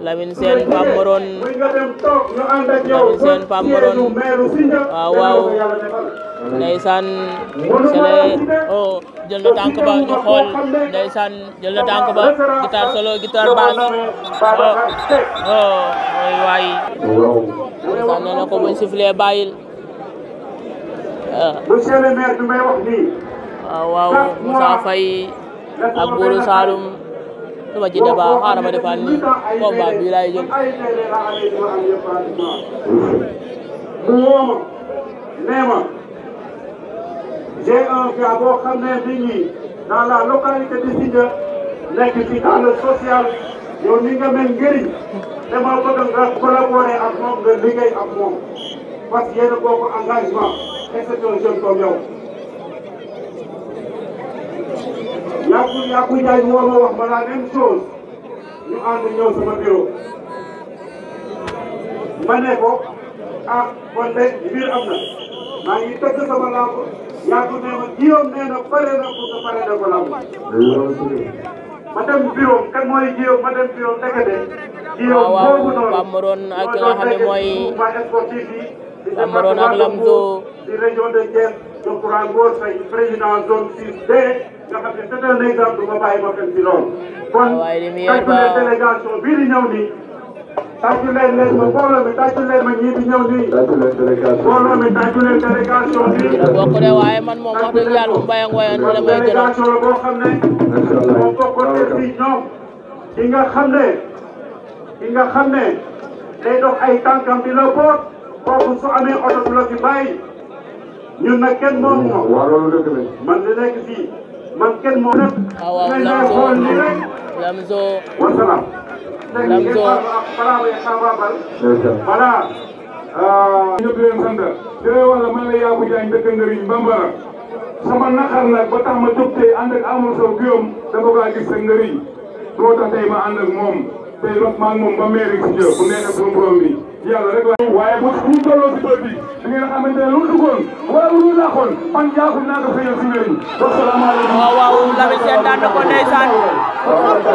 Lamine Sène Pape Morone Lamine Sène sele oh jël na tànk ba ñu xool ndeysaan jël na ba solo guitare baa oh oh mooy waay ndeysaan nee na ko buñ sifflé bàyyil waaw ah. ah, waaw Moussa Faye ak Bourou du ma ci def ba xaaral ma defaat nii combat bi jël. bu wooma nee ma j'ai un gars boo xam ñi dans la localité de Sindia nekk ci social yow ni nga mel njëriñ dama bëgg nga collaborer ak moom liggéey ak moom parce que yéen a bokk engagement et c'est yàqu yàqu jaay moo wax ma la même chose ñu ànd ñëw sama bureau ma ne ko ah kon de mbir am na maa ngi tëgg sama làmb yàgg nee ma Guillaume nee na pare na ko nga pare na ko làmb ma dem bureau kan mooy Guillaume ma dem bureau ndekete Guillaume ah, boobu noonu Pamaron ak nga di région de Thiès je crois Ngor Faye président zone 6B nga xam ne c'est un exemple ma bàyyi ma fenn ci loolu. kon ah, tàccu leen délégation bii di ñëw nii. tàccu leen leen ma mbooloo mi tàccu leen ma ñii di ñëw nii. tàccu leen délégation mbooloo mi tàccu leen délégation bi. bokk de waaye man moom wax dëgg yàlla bu mbay ak wayan la may gën a. délégation la boo xam ne. moom bokkoon na si ñoom. ki nga xam ne. ki nga xam ne. day dox ay tànkam di la boot. kooku su amee oto du la fi bàyyi. ñun nag kenn moom moom. waaw loolu dëgg la. man de nekk fii man kenn moom. Ah, waaw waaw Lamzo Lamzo. wasalaam. Lamzo. voilà. Ah. ñëpp di leen sant. di leen wax la man la Yaabu Diagne dëkk Ndëriñ Bambara. sama naqar nag ba tax ma tey ànd amul sow Guillaume dafa ko gis sa Ndëriñ. doo tax ma ànd moom. tey rek maa ngi moom ba mairie si Diop bu nekk suñu borom bi yàlla rek la. waaye bu ñu tolloo si bët bi di ngeen xamante ne lu mu duggoon wala lu mu laaxoon man jaaxul naa ko feeñal si wér yi. waaw waaw Lamine Sène daan na ko ndeysaan